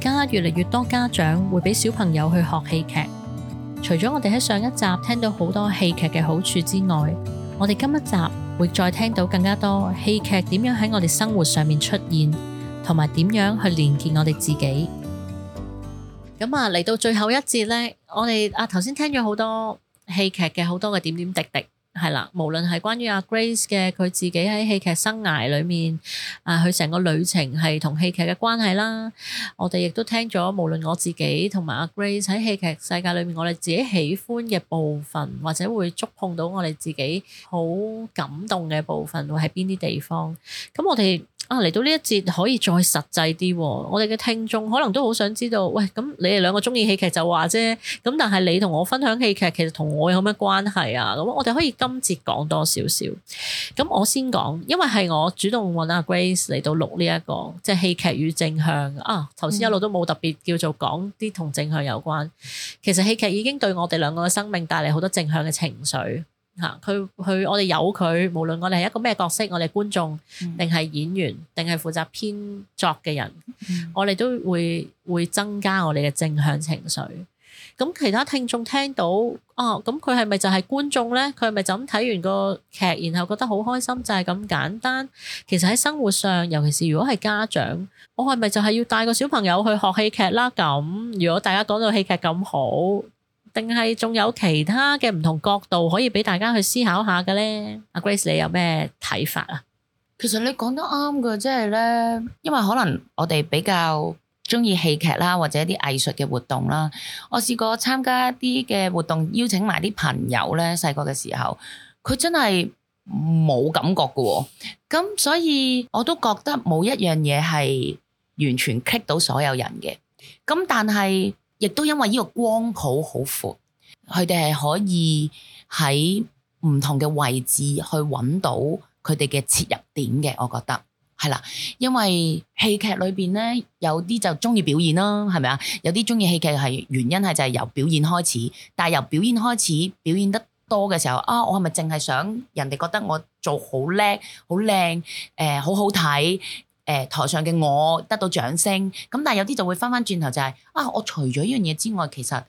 而家越嚟越多家長會俾小朋友去學戲劇。除咗我哋喺上一集聽到好多戲劇嘅好處之外，我哋今一集會再聽到更加多戲劇點樣喺我哋生活上面出現，同埋點樣去連結我哋自己。咁啊，嚟到最後一節呢，我哋啊頭先聽咗好多戲劇嘅好多嘅點點滴滴。係啦，無論係關於阿 Grace 嘅，佢自己喺戲劇生涯裏面，啊佢成個旅程係同戲劇嘅關係啦，我哋亦都聽咗，無論我自己同埋阿 Grace 喺戲劇世界裏面，我哋自己喜歡嘅部分，或者會觸碰到我哋自己好感動嘅部分，會喺邊啲地方？咁我哋。啊！嚟到呢一節可以再實際啲，我哋嘅聽眾可能都好想知道，喂，咁你哋兩個中意戲劇就話啫，咁但係你同我分享戲劇，其實同我有咩關係啊？咁我哋可以今節講多少少。咁我先講，因為係我主動揾阿 Grace 嚟到錄呢、這、一個，即係戲劇與正向。啊，頭先一路都冇特別叫做講啲同正向有關，嗯、其實戲劇已經對我哋兩個嘅生命帶嚟好多正向嘅情緒。嚇，佢佢，我哋有佢，無論我哋係一個咩角色，我哋觀眾定係演員定係負責編作嘅人，我哋都會會增加我哋嘅正向情緒。咁其他聽眾聽到哦，咁佢係咪就係觀眾咧？佢係咪就咁睇完個劇，然後覺得好開心就係咁簡單？其實喺生活上，尤其是如果係家長，我係咪就係要帶個小朋友去學戲劇啦？咁如果大家講到戲劇咁好？定係仲有其他嘅唔同角度可以俾大家去思考下嘅咧？阿 Grace，你有咩睇法啊？其實你講得啱嘅，即係咧，因為可能我哋比較中意戲劇啦，或者啲藝術嘅活動啦。我試過參加一啲嘅活動，邀請埋啲朋友咧，細個嘅時候，佢真係冇感覺嘅。咁所以我都覺得冇一樣嘢係完全棘到所有人嘅。咁但係。亦都因為呢個光譜好闊，佢哋係可以喺唔同嘅位置去揾到佢哋嘅切入點嘅，我覺得係啦。因為戲劇裏邊咧，有啲就中意表演啦，係咪啊？有啲中意戲劇係原因係就係由，由表演開始，但係由表演開始表演得多嘅時候啊，我係咪淨係想人哋覺得我做好叻、好靚、誒、呃、好好睇？誒、欸、台上嘅我得到掌聲，咁但有啲就會返返轉頭就係、是、啊！我除咗依樣嘢之外，其實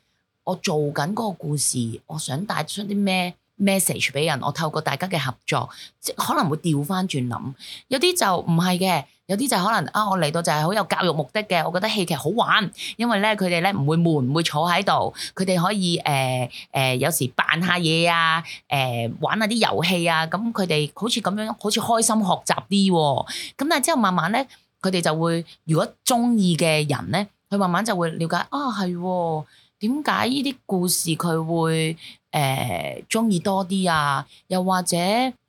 我做緊嗰個故事，我想帶出啲咩？message 俾人，我透過大家嘅合作，即可能會調翻轉諗。有啲就唔係嘅，有啲就可能啊，我嚟到就係好有教育目的嘅。我覺得戲劇好玩，因為咧佢哋咧唔會悶，唔會坐喺度，佢哋可以誒誒、呃呃、有時扮下嘢啊，誒、呃、玩下啲遊戲啊，咁佢哋好似咁樣好似開心學習啲喎、啊。咁但係之後慢慢咧，佢哋就會如果中意嘅人咧，佢慢慢就會了解啊係喎。點解呢啲故事佢會誒中意多啲啊？又或者？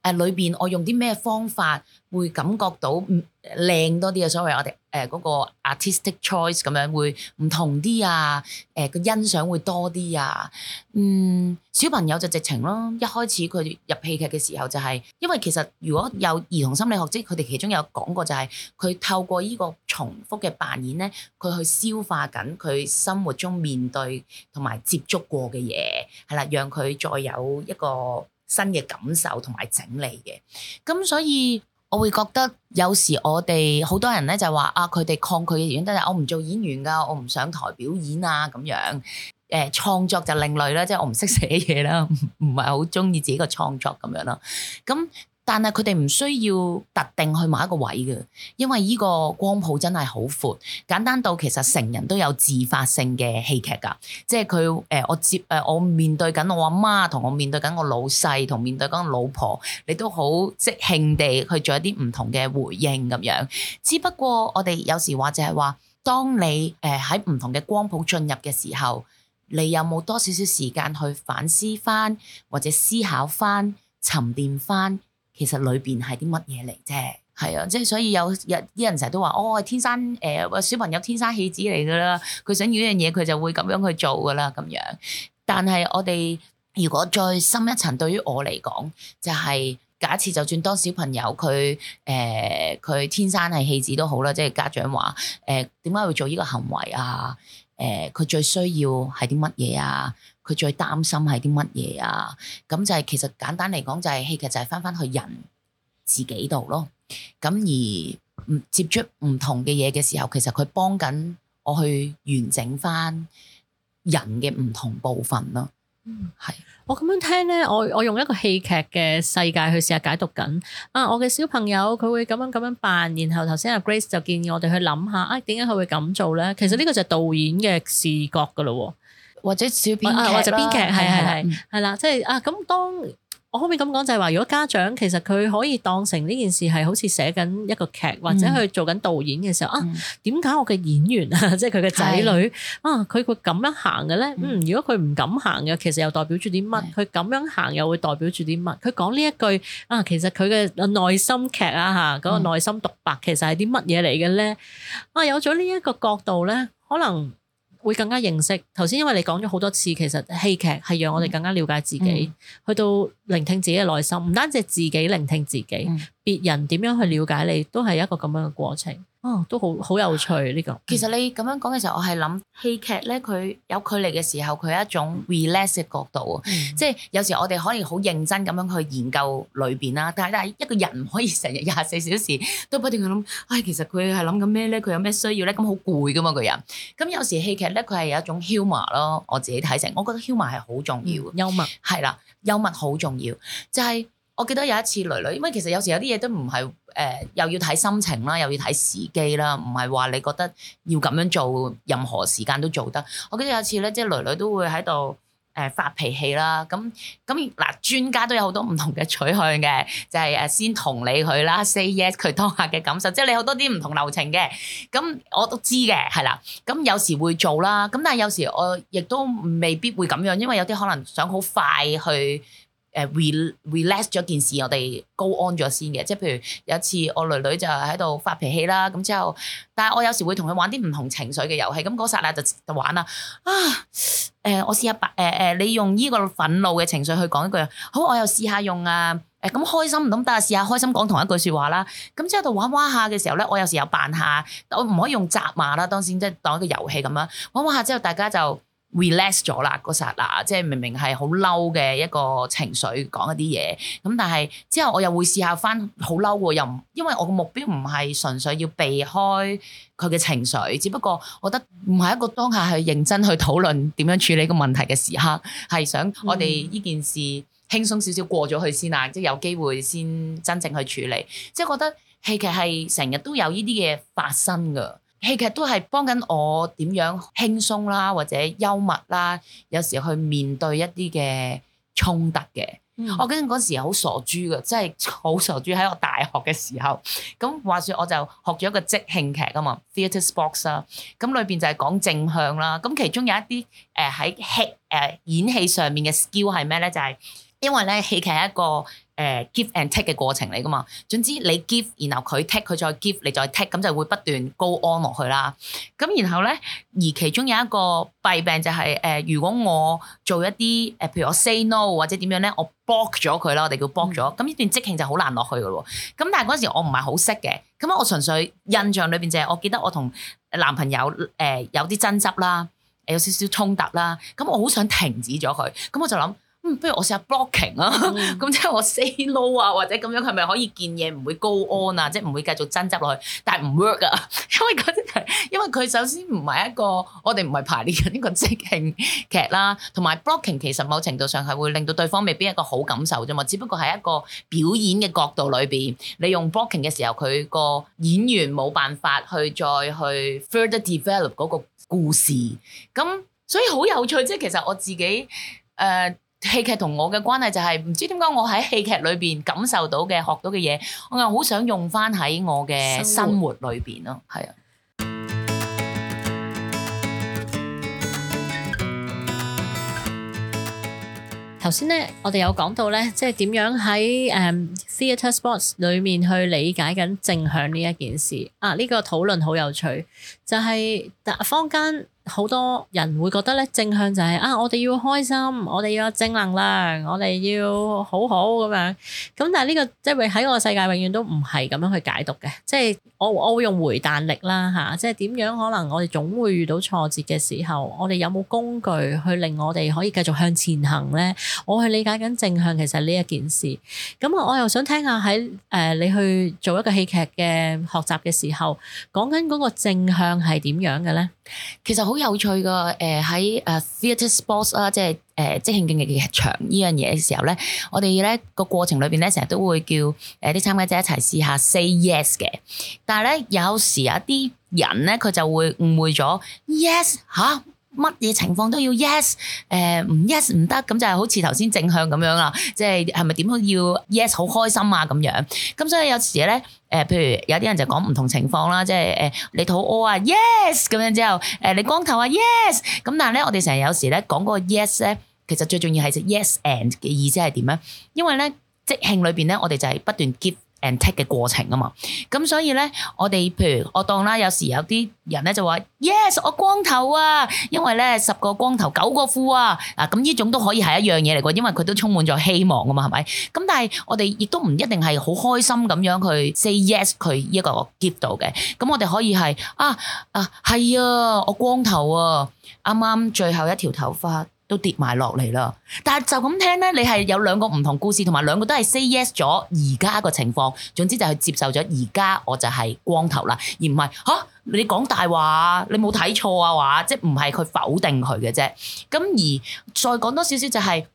誒裏邊我用啲咩方法會感覺到靚多啲、呃那個、啊？所謂我哋誒嗰個 artistic choice 咁樣會唔同啲啊？誒個欣賞會多啲啊？嗯，小朋友就直情咯，一開始佢入戲劇嘅時候就係、是，因為其實如果有兒童心理學即係，佢哋其中有講過就係、是、佢透過呢個重複嘅扮演呢，佢去消化緊佢生活中面對同埋接觸過嘅嘢，係啦，讓佢再有一個。新嘅感受同埋整理嘅，咁所以我會覺得有時我哋好多人咧就話啊，佢哋抗拒嘅原因都係我唔做演員噶，我唔上台表演啊咁樣，誒、呃、創作就另類啦，即係我唔識寫嘢啦，唔唔係好中意自己個創作咁樣咯，咁。但係佢哋唔需要特定去某一個位嘅，因為呢個光譜真係好闊，簡單到其實成人都有自發性嘅戲劇㗎，即係佢誒我接誒、呃、我面對緊我阿媽，同我面對緊我老細，同面對緊老婆，你都好即興地去做一啲唔同嘅回應咁樣。只不過我哋有時話就係話，當你誒喺唔同嘅光譜進入嘅時候，你有冇多少少時間去反思翻，或者思考翻、沉澱翻？其實裏邊係啲乜嘢嚟啫？係啊，即係所以有有啲人成日都話：哦，天生誒、呃、小朋友天生戲子嚟噶啦，佢想要一樣嘢佢就會咁樣去做噶啦咁樣。但係我哋如果再深一層，對於我嚟講，就係、是、假設就算當小朋友佢誒佢天生係戲子都好啦，即係家長話誒點解會做呢個行為啊？誒、呃，佢最需要係啲乜嘢啊？佢最擔心係啲乜嘢啊？咁就係其實簡單嚟講，就係戲劇就係翻翻去人自己度咯。咁而唔接觸唔同嘅嘢嘅時候，其實佢幫緊我去完整翻人嘅唔同部分咯。嗯，係。我咁樣聽呢，我我用一個戲劇嘅世界去試下解讀緊啊！我嘅小朋友佢會咁樣咁樣扮，然後頭先阿 Grace 就建議我哋去諗下啊，點解佢會咁做呢？其實呢個就係導演嘅視覺噶咯喎。或者小編劇或者編劇係係係係啦，即係啊咁。當我可唔可以咁講就係話，如果家長其實佢可以當成呢件事係好似寫緊一個劇，或者去做緊導演嘅時候啊，點解我嘅演員啊，即係佢嘅仔女啊，佢會咁樣行嘅咧？嗯，如果佢唔敢行嘅，其實又代表住啲乜？佢咁樣行又會代表住啲乜？佢講呢一句啊，其實佢嘅內心劇啊嚇，嗰個內心獨白其實係啲乜嘢嚟嘅咧？啊，有咗呢一個角度咧，可能。會更加認識。頭先，因為你講咗好多次，其實戲劇係讓我哋更加了解自己，嗯、去到聆聽自己嘅內心，唔單止係自己聆聽自己，嗯、別人點樣去了解你，都係一個咁樣嘅過程。哦，都好好有趣呢、這個。其實你咁樣講嘅時候，我係諗戲劇咧，佢有距離嘅時候，佢係一種 relax 嘅角度啊。嗯、即係有時我哋可以好認真咁樣去研究裏邊啦。但係但係一個人唔可以成日廿四小時都不斷去諗。唉、哎，其實佢係諗緊咩咧？佢有咩需要咧？咁好攰噶嘛個人。咁有，有時戲劇咧，佢係有一種 humour 咯。我自己睇成，我覺得 humour 係好重要幽默。幽默係啦，幽默好重要，就係、是。我記得有一次囡囡因為其實有時有啲嘢都唔係誒，又要睇心情啦，又要睇時機啦，唔係話你覺得要咁樣做，任何時間都做得。我記得有一次咧，即係囡囡都會喺度誒發脾氣啦。咁咁嗱，專家都有好多唔同嘅取向嘅，就係、是、誒先同理佢啦，say yes 佢當下嘅感受，即係你好多啲唔同流程嘅。咁我都知嘅，係啦。咁有時會做啦，咁但係有時我亦都未必會咁樣，因為有啲可能想好快去。誒、uh, relax 咗件事，我哋 go on 咗先嘅，即係譬如有一次我女女就喺度發脾氣啦，咁之後，但係我有時會同佢玩啲唔同情緒嘅遊戲，咁嗰霎那就、個、就玩啦，啊誒、呃、我試下扮誒誒，你用呢個憤怒嘅情緒去講一句，好我又試下用啊，誒、呃、咁開心唔同，但係試下開心講同一句説話啦，咁之後喺度玩玩下嘅時候咧，我有時又扮下，我唔可以用責罵啦，當時即係當一個遊戲咁樣，玩玩下之後大家就。Relax 咗啦，嗰剎那個、即係明明係好嬲嘅一個情緒講一啲嘢，咁但係之後我又會試下翻好嬲喎，又唔，因為我個目標唔係純粹要避開佢嘅情緒，只不過我覺得唔係一個當下去認真去討論點樣處理個問題嘅時刻，係想我哋呢件事輕鬆少少過咗去先啊，嗯、即係有機會先真正去處理。即係覺得戲劇係成日都有呢啲嘢發生㗎。戲劇都係幫緊我點樣輕鬆啦，或者幽默啦，有時去面對一啲嘅衝突嘅。嗯、我記得嗰時好傻豬㗎，真係好傻豬喺我大學嘅時候。咁話說我就學咗一個即興劇啊嘛，Theatre Sports 啦。咁裏邊就係講正向啦。咁其中有一啲誒喺戲誒、呃、演戲上面嘅 skill 係咩咧？就係、是。因為咧，戲劇係一個誒、呃、give and take 嘅過程嚟噶嘛。總之，你 give，然後佢 take，佢再 give，你再 take，咁就會不斷 go on 落去啦。咁然後咧，而其中有一個弊病就係、是、誒、呃，如果我做一啲誒、呃，譬如我 say no 或者點樣咧，我 block 咗佢啦，我哋叫 block 咗。咁呢、嗯、段即興就好難落去噶咯。咁但係嗰陣時我唔係好識嘅。咁我純粹印象裏邊就係我記得我同男朋友誒、呃、有啲爭執啦，有少少衝突啦。咁我好想停止咗佢。咁我就諗。不如我試下 blocking 啊！咁即係我 say no 啊，或者咁樣，佢咪可以見嘢，唔會 go on 啊，即係唔會繼續爭執落去。但係唔 work 啊，因為嗰啲係因為佢首先唔係一個，我哋唔係排練緊一個即興劇啦。同埋 blocking 其實某程度上係會令到對方未必一個好感受啫嘛。只不過係一個表演嘅角度裏邊，你用 blocking 嘅時候，佢個演員冇辦法去再去 further develop 嗰個故事。咁所以好有趣即係，其實我自己誒、呃戲劇同我嘅關係就係唔知點解，我喺戲劇裏邊感受到嘅、學到嘅嘢，我又好想用翻喺我嘅生活裏邊咯。係啊。頭先咧，我哋有講到咧，即係點樣喺誒 theater sports 裏面去理解緊正向呢一件事。啊，呢個討論好有趣，就係大坊間。好多人會覺得咧，正向就係、是、啊，我哋要開心，我哋要有正能量，我哋要好好咁樣，咁但係、這、呢個即係喺我世界永遠都唔係咁樣去解讀嘅。即係我我會用回彈力啦吓、啊，即係點樣可能我哋總會遇到挫折嘅時候，我哋有冇工具去令我哋可以繼續向前行咧？我去理解緊正向其實呢一件事。咁我又想聽下喺誒、呃、你去做一個戲劇嘅學習嘅時候，講緊嗰個正向係點樣嘅咧？其實好。有趣嘅誒喺誒 theatre sports 啦，即係誒即興競技嘅場呢樣嘢嘅時候咧，我哋咧個過程裏邊咧成日都會叫誒啲參加者一齊試下 say yes 嘅，但係咧有時有啲人咧佢就會誤會咗 yes 嚇、huh。乜嘢情況都要 yes，誒、呃、唔 yes 唔得，咁就係好似頭先正向咁樣啦，即係係咪點都要 yes 好開心啊咁樣，咁所以有時咧誒、呃，譬如有啲人就講唔同情況啦，即係誒、呃、你肚屙啊 yes 咁樣之後，誒、呃、你光頭啊 yes，咁但係咧我哋成日有時咧講嗰個 yes 咧，其實最重要係隻 yes and 嘅意思係點咧？因為咧即興裏邊咧，我哋就係不斷 give and take 嘅過程啊嘛，咁所以咧，我哋譬如我當啦，有時有啲人咧就話 yes，我光頭啊，因為咧十個光頭九個富啊，啊咁呢種都可以係一樣嘢嚟嘅，因為佢都充滿咗希望啊嘛，係咪？咁但係我哋亦都唔一定係好開心咁樣去 say yes 佢呢一個 give 到嘅，咁、嗯、我哋可以係啊啊係啊，我光頭啊，啱啱最後一條頭髮都跌埋落嚟啦，但係就咁聽呢，你係有兩個唔同故事，同埋兩個都係 say yes 咗而家個情況，總之就係接受咗而家我就係光頭啦，而唔係嚇你講大話你冇睇錯啊話，即係唔係佢否定佢嘅啫。咁而再講多少少就係、是，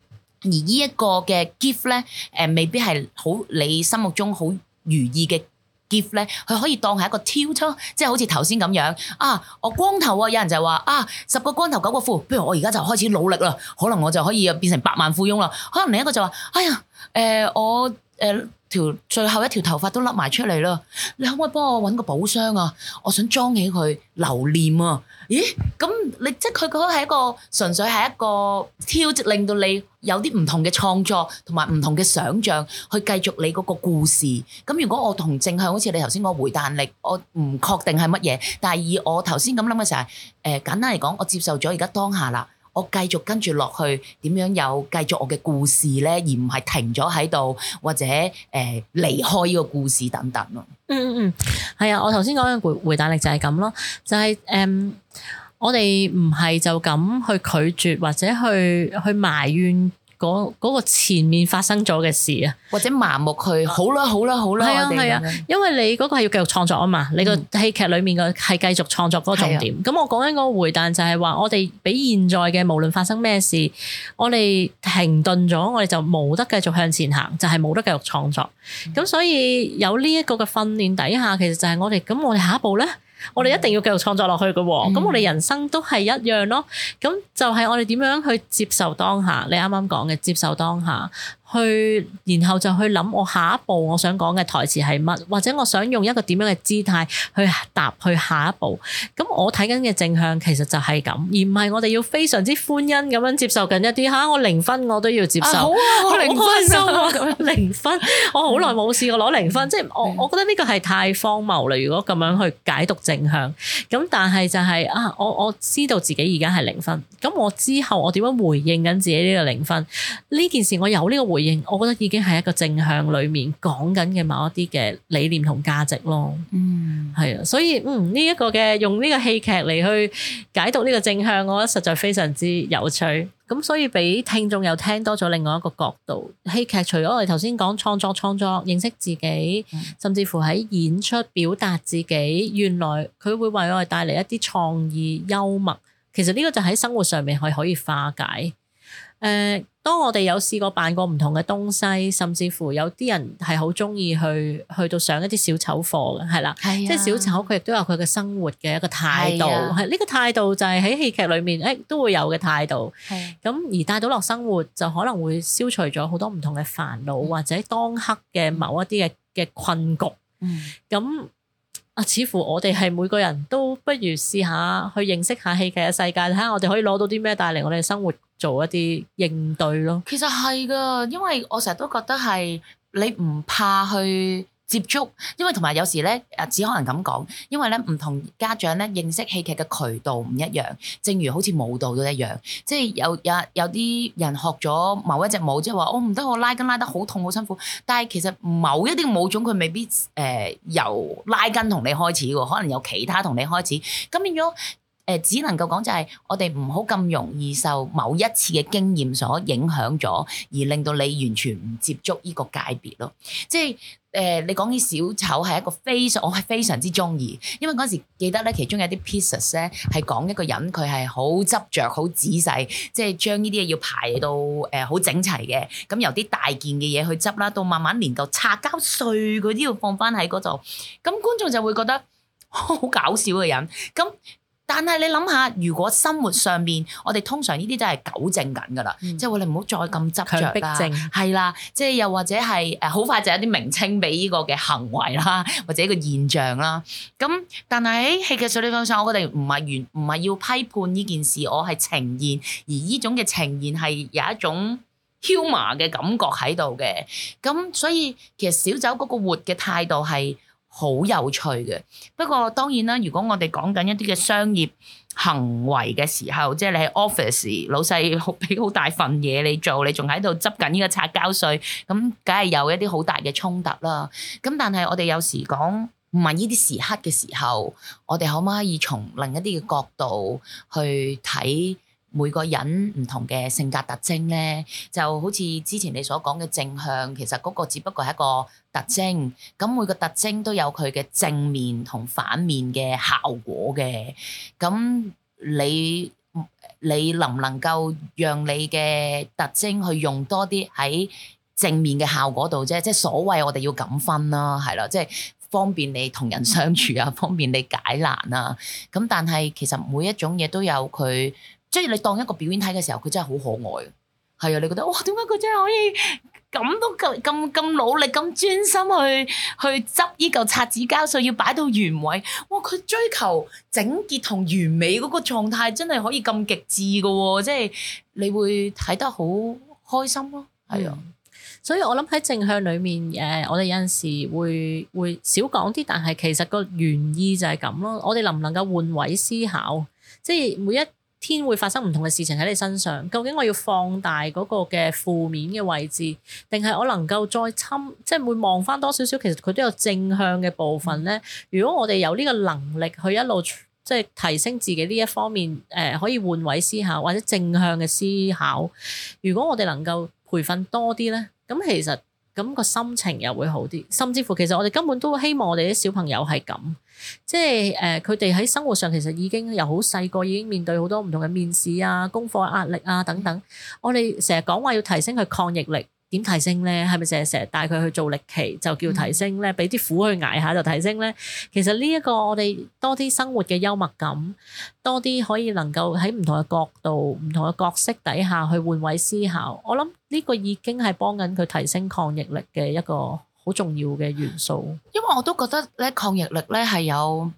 而呢一個嘅 gift 呢，誒、呃、未必係好你心目中好如意嘅。gift 咧，佢可以當係一個 tutor，即係好似頭先咁樣啊！我光頭啊，有人就話啊，十個光頭九個富，不如我而家就開始努力啦，可能我就可以變成百萬富翁啦。可能另一個就話，哎呀，誒、呃、我。誒條最後一條頭髮都甩埋出嚟啦！你可唔可以幫我揾個寶箱啊？我想裝起佢留念啊！咦？咁你即係佢覺得係一個純粹係一個挑戰，令到你有啲唔同嘅創作同埋唔同嘅想像去繼續你嗰個故事。咁如果我同正向好似你頭先嗰個回彈力，我唔確定係乜嘢。但係以我頭先咁諗嘅時候，誒、呃、簡單嚟講，我接受咗而家當下啦。我繼續跟住落去點樣有繼續我嘅故事呢？而唔係停咗喺度或者誒、呃、離開呢個故事等等咯、嗯。嗯嗯嗯，係啊，我頭先講嘅回回答力就係咁咯，就係、是、誒、嗯，我哋唔係就咁去拒絕或者去去埋怨。嗰個前面發生咗嘅事啊，或者麻木佢，好啦好啦好啦，係啊係啊，我哋啊，啊，因為你嗰個係要繼續創作啊嘛，你個戲劇裡面個係繼續創作嗰個重點。咁、啊、我講緊個回彈就係話，我哋比現在嘅無論發生咩事，我哋停頓咗，我哋就冇得繼續向前行，就係冇得繼續創作。咁、啊、所以有呢一個嘅訓練底下，其實就係我哋咁，我哋下一步咧。我哋一定要繼續創作落去㗎喎，咁、嗯、我哋人生都係一樣咯。咁、嗯、就係我哋點樣去接受當下，你啱啱講嘅接受當下。去，然後就去諗我下一步我想講嘅台詞係乜，或者我想用一個點樣嘅姿態去答去下一步。咁我睇緊嘅正向其實就係咁，而唔係我哋要非常之歡欣咁樣接受緊一啲吓、啊，我零分我都要接受。啊啊啊、我零分、啊、 零分，我好耐冇試過攞零分，即係 我我覺得呢個係太荒謬啦。如果咁樣去解讀正向，咁但係就係、係、啊，我我知道自己而家係零分，咁我之後我點樣回應緊自己呢個零分呢件事，我有呢個回應，我覺得已經係一個正向裏面講緊嘅某一啲嘅理念同價值咯。嗯，係啊，所以嗯呢一個嘅用呢個戲劇嚟去解讀呢個正向，我覺得實在非常之有趣。咁所以俾聽眾又聽多咗另外一個角度，戲劇除咗我哋頭先講創作創作認識自己，甚至乎喺演出表達自己，原來佢會為我哋帶嚟一啲創意幽默。其實呢個就喺生活上面係可以化解。誒，當我哋有試過扮過唔同嘅東西，甚至乎有啲人係好中意去去到上一啲小丑課嘅，係啦，是的 即係小丑佢亦都有佢嘅生活嘅一個態度，係呢是的 個態度就係喺戲劇裏面誒、欸、都會有嘅態度，咁是的 而帶到落生活就可能會消除咗好多唔同嘅煩惱，嗯、或者當刻嘅某一啲嘅嘅困局，嗯，咁。似乎我哋係每個人都不如試下去認識下戲劇嘅世界，睇下我哋可以攞到啲咩帶嚟我哋生活，做一啲應對咯。其實係㗎，因為我成日都覺得係你唔怕去。接觸，因為同埋有，有時咧，誒只可能咁講，因為咧唔同家長咧認識戲劇嘅渠道唔一樣，正如好似舞蹈都一樣，即係有有有啲人學咗某一隻舞，即係話我唔得，我拉筋拉得好痛好辛苦，但係其實某一啲舞種佢未必誒、呃、由拉筋同你開始喎，可能有其他同你開始，咁變咗。誒只能夠講就係我哋唔好咁容易受某一次嘅經驗所影響咗，而令到你完全唔接觸呢個界別咯，就是。即係誒，你講起小丑係一個非常，我係非常之鍾意，因為嗰時記得咧，其中有一啲 pieces 咧係講一個人佢係好執着、好仔細，即係將呢啲嘢要排到誒好、呃、整齊嘅。咁由啲大件嘅嘢去執啦，到慢慢連到擦膠碎，佢都要放翻喺嗰度。咁觀眾就會覺得好搞笑嘅人咁。但係你諗下，如果生活上面，我哋通常呢啲都係糾正緊噶啦，即係、嗯、我哋唔好再咁執着強迫症係啦，即係又或者係誒，好快就有啲名稱俾呢個嘅行為啦，或者個現象啦。咁但係喺戲劇上理方面，我覺得唔係完，唔係要批判呢件事，我係呈現，而呢種嘅呈現係有一種 humour 嘅感覺喺度嘅。咁所以其實小酒嗰個活嘅態度係。好有趣嘅，不過當然啦，如果我哋講緊一啲嘅商業行為嘅時候，即係你喺 office 時，老細俾好大份嘢你做，你仲喺度執緊呢個擦膠水，咁梗係有一啲好大嘅衝突啦。咁但係我哋有時講唔係呢啲時刻嘅時候，我哋可唔可以從另一啲嘅角度去睇？每個人唔同嘅性格特徵呢，就好似之前你所講嘅正向，其實嗰個只不過係一個特徵。咁每個特徵都有佢嘅正面同反面嘅效果嘅。咁你你能唔能夠讓你嘅特徵去用多啲喺正面嘅效果度啫？即係所謂我哋要咁分啦，係啦，即係方便你同人相處啊，方便你解難啊。咁但係其實每一種嘢都有佢。所以你當一個表演睇嘅時候，佢真係好可愛嘅，係啊！你覺得哇，點解佢真係可以咁都咁咁努力咁專心去去執呢嚿擦紙膠水，要擺到原位？哇！佢追求整潔同完美嗰個狀態，真係可以咁極致嘅喎，啊！即係你會睇得好開心咯，係啊！啊所以我諗喺正向裡面，誒，我哋有陣時會會少講啲，但係其實個原意就係咁咯。我哋能唔能夠換位思考？即係每一天會發生唔同嘅事情喺你身上，究竟我要放大嗰個嘅負面嘅位置，定係我能夠再侵，即係每望翻多少少，其實佢都有正向嘅部分咧。如果我哋有呢個能力去一路即係提升自己呢一方面，誒可以換位思考或者正向嘅思考，如果我哋能夠培訓多啲咧，咁其實。咁個心情又會好啲，甚至乎其實我哋根本都希望我哋啲小朋友係咁，即係誒佢哋喺生活上其實已經由好細個已經面對好多唔同嘅面試啊、功課壓力啊等等，我哋成日講話要提升佢抗疫力、抗逆力。點提升呢？係咪成日成日帶佢去做歷奇就叫提升呢？俾啲苦去捱下就提升呢？其實呢一個我哋多啲生活嘅幽默感，多啲可以能夠喺唔同嘅角度、唔同嘅角色底下去換位思考，我諗呢個已經係幫緊佢提升抗逆力嘅一個好重要嘅元素。因為我都覺得咧，抗逆力咧係有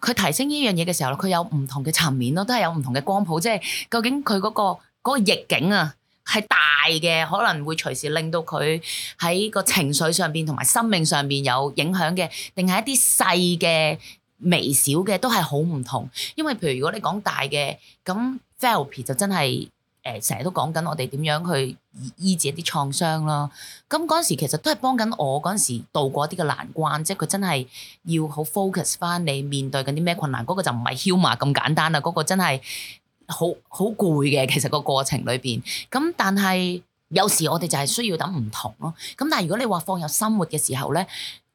佢提升呢樣嘢嘅時候，佢有唔同嘅層面咯，都係有唔同嘅光譜，即係究竟佢嗰個、嗰個逆境啊。係大嘅可能會隨時令到佢喺個情緒上邊同埋生命上邊有影響嘅，定係一啲細嘅微小嘅都係好唔同。因為譬如如果你講大嘅，咁 therapy 就真係誒成日都講緊我哋點樣去醫治一啲創傷囉。咁嗰陣時其實都係幫緊我嗰陣時渡過一啲嘅難關，即係佢真係要好 focus 翻你面對緊啲咩困難。嗰、嗰個就唔係 humour 咁簡單啦，嗰、嗰個真係。好好攰嘅，其實個過程裏邊，咁但係有時我哋就係需要等唔同咯。咁但係如果你話放入生活嘅時候咧，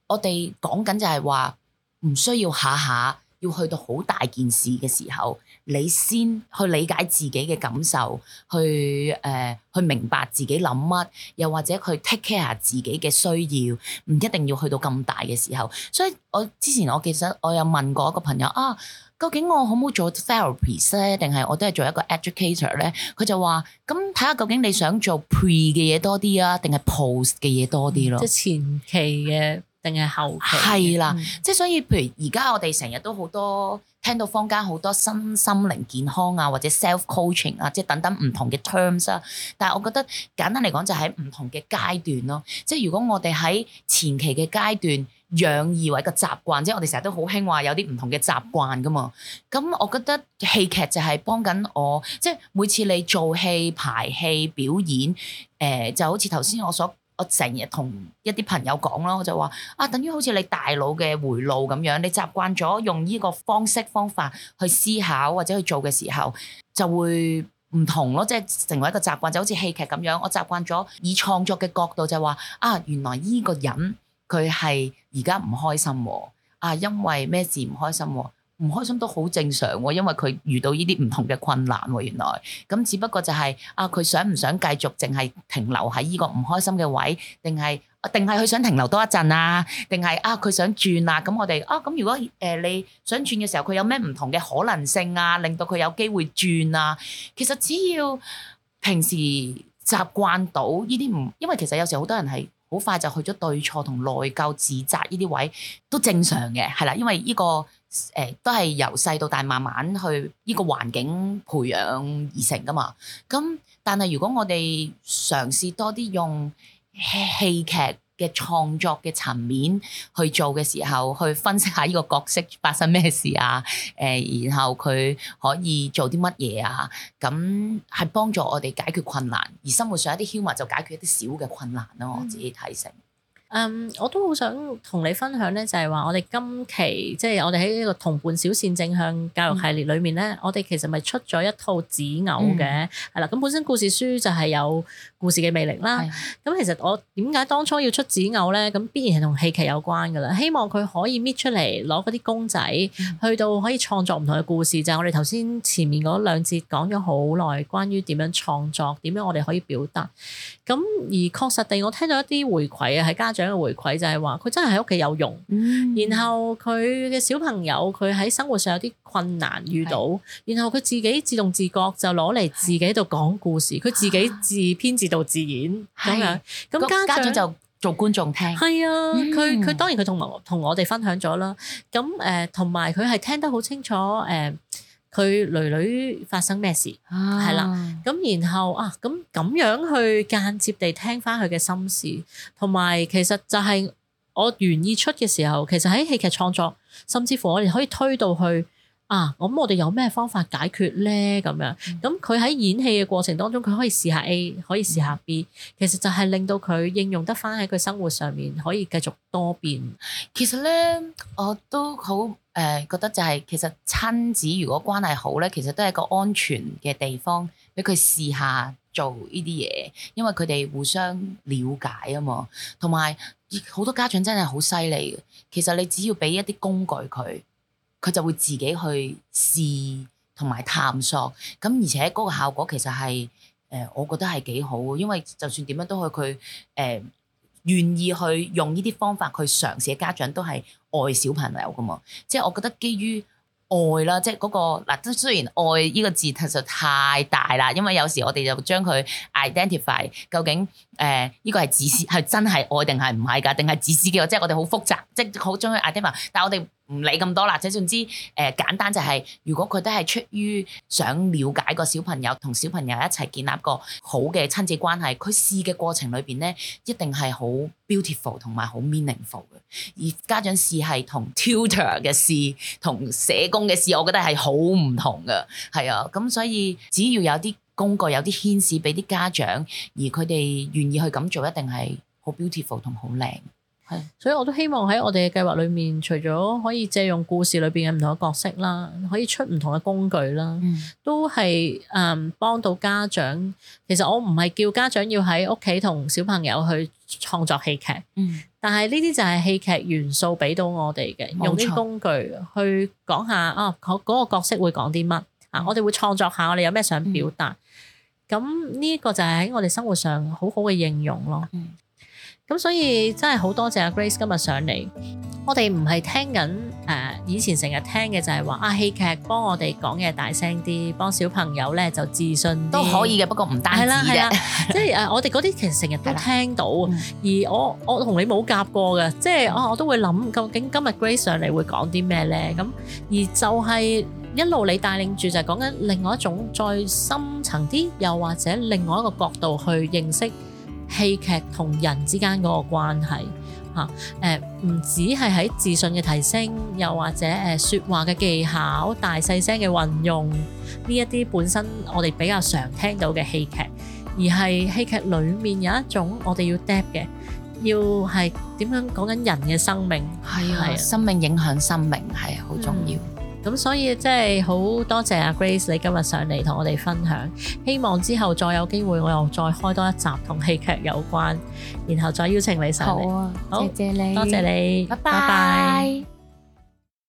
我哋講緊就係話唔需要下下。要去到好大件事嘅時候，你先去理解自己嘅感受，去誒、呃、去明白自己諗乜，又或者去 take care 自己嘅需要，唔一定要去到咁大嘅時候。所以我之前我其實我有問過一個朋友啊，究竟我可唔可以做 therapist 咧，定係我都係做一個 educator 咧？佢就話：咁睇下究竟你想做 pre 嘅嘢多啲啊，定係 post 嘅嘢多啲咯？即、嗯、前期嘅。定係後期？係啦的，嗯、即係所以，譬如而家我哋成日都好多聽到坊間好多身心靈健康啊，或者 self coaching 啊，即係等等唔同嘅 terms 啊。嗯、但係我覺得簡單嚟講，就喺唔同嘅階段咯。即係如果我哋喺前期嘅階段養而為個習慣，即係我哋成日都好興話有啲唔同嘅習慣噶嘛。咁我覺得戲劇就係幫緊我，即係每次你做戲排戲、表演，誒、呃、就好似頭先我所。我成日同一啲朋友講咯，我就話啊，等於好似你大腦嘅回路咁樣，你習慣咗用呢個方式方法去思考或者去做嘅時候，就會唔同咯，即係成為一個習慣，就好似戲劇咁樣。我習慣咗以創作嘅角度就係話啊，原來呢個人佢係而家唔開心喎，啊，因為咩事唔開心喎。唔開心都好正常喎、哦，因為佢遇到呢啲唔同嘅困難喎、哦。原來咁，只不過就係、是、啊，佢想唔想繼續淨係停留喺呢個唔開心嘅位，定係定係佢想停留多一陣啊？定係啊，佢想轉啊？咁我哋啊，咁如果誒、呃、你想轉嘅時候，佢有咩唔同嘅可能性啊，令到佢有機會轉啊？其實只要平時習慣到呢啲唔，因為其實有時好多人係好快就去咗對錯同內疚自責呢啲位，都正常嘅，係啦，因為呢、這個。誒都係由細到大慢慢去呢個環境培養而成噶嘛，咁但係如果我哋嘗試多啲用戲劇嘅創作嘅層面去做嘅時候，去分析下呢個角色發生咩事啊，誒、呃，然後佢可以做啲乜嘢啊，咁係幫助我哋解決困難，而生活上一啲 humour 就解決一啲小嘅困難咯、啊，我自己睇成。嗯嗯，um, 我都好想同你分享咧，就係、是、話我哋今期即係、就是、我哋喺呢個同伴小善正向教育系列裏面咧，嗯、我哋其實咪出咗一套紙偶嘅係啦。咁、嗯、本身故事書就係有故事嘅魅力啦。咁的其實我點解當初要出紙偶咧？咁必然係同戲劇有關噶啦。希望佢可以搣出嚟攞嗰啲公仔，去到可以創作唔同嘅故事。嗯、就係我哋頭先前面嗰兩節講咗好耐，關於點樣創作，點樣我哋可以表達，咁而確實地，我聽到一啲回饋啊，係家長。回饋就係話，佢真係喺屋企有用，嗯、然後佢嘅小朋友佢喺生活上有啲困難遇到，是然後佢自己自動自覺就攞嚟自己度講故事，佢是自己自編自導自演咁是樣，咁家，家長就做觀眾聽。係啊，佢佢、嗯、當然佢同同我哋分享咗啦。咁誒，同埋佢係聽得好清楚誒。呃佢女女發生咩事？係啦、啊，咁然後啊，咁咁樣去間接地聽翻佢嘅心事，同埋其實就係我願意出嘅時候，其實喺戲劇創作，甚至乎我哋可以推到去：「啊，咁我哋有咩方法解決呢？」咁樣，咁佢喺演戲嘅過程當中，佢可以試下 A，可以試下 B，、嗯、其實就係令到佢應用得翻喺佢生活上面，可以繼續多變。其實呢，我都好。誒、呃、覺得就係、是、其實親子如果關係好呢，其實都係個安全嘅地方俾佢試下做呢啲嘢，因為佢哋互相了解啊嘛。同埋好多家長真係好犀利嘅，其實你只要俾一啲工具佢，佢就會自己去試同埋探索。咁而且嗰個效果其實係誒、呃，我覺得係幾好，因為就算點樣都去佢誒。願意去用呢啲方法去嘗試嘅家長都係愛小朋友噶嘛，即係我覺得基於愛啦，即係嗰個嗱，即係雖然愛呢個字其實太大啦，因為有時我哋就將佢 identify 究竟誒呢個係自私係真係愛定係唔係㗎，定係自私嘅，即係我哋好複雜，即係好將佢 identify，但係我哋。唔理咁多啦，即係總之，誒、呃、簡單就係、是，如果佢都係出於想了解個小朋友，同小朋友一齊建立個好嘅親子關係，佢試嘅過程裏邊呢，一定係好 beautiful 同埋好 meaningful 嘅。而家長試係同 tutor 嘅試，同社工嘅試，我覺得係好唔同嘅，係啊，咁所以只要有啲工具、有啲牽涉俾啲家長，而佢哋願意去咁做，一定係好 beautiful 同好靚。係，所以我都希望喺我哋嘅計劃裏面，除咗可以借用故事裏邊嘅唔同嘅角色啦，可以出唔同嘅工具啦，都係誒幫到家長。其實我唔係叫家長要喺屋企同小朋友去創作戲劇，嗯、但係呢啲就係戲劇元素俾到我哋嘅，嗯、用啲工具去講下啊，嗰、嗰、嗰個角色會講啲乜啊？我哋會創作下我哋有咩想表達。咁呢一個就係喺我哋生活上好好嘅應用咯。嗯咁所以真係好多謝阿 Grace 今日上嚟。我哋唔係聽緊誒以前成日聽嘅就係話啊，戲劇幫我哋講嘢大聲啲，幫小朋友咧就自信都可以嘅。不過唔單止啫，即係誒我哋嗰啲其實成日都聽到。而我我同你冇夾過嘅，即係啊我都會諗究竟今日 Grace 上嚟會講啲咩咧？咁而就係一路你帶領住就講緊另外一種再深層啲，又或者另外一個角度去認識。戲劇同人之間嗰個關係嚇，誒唔止係喺自信嘅提升，又或者誒説話嘅技巧、大細聲嘅運用呢一啲本身我哋比較常聽到嘅戲劇，而係戲劇裡面有一種我哋要搭嘅，要係點樣講緊人嘅生命，係啊，係啊，生命影響生命係啊好重要。咁所以真係好多謝阿 Grace 你今日上嚟同我哋分享，希望之後再有機會我又再開多一集同戲劇有關，然後再邀請你上嚟。好啊，多謝你，多謝你，拜拜 bye。Bye bye。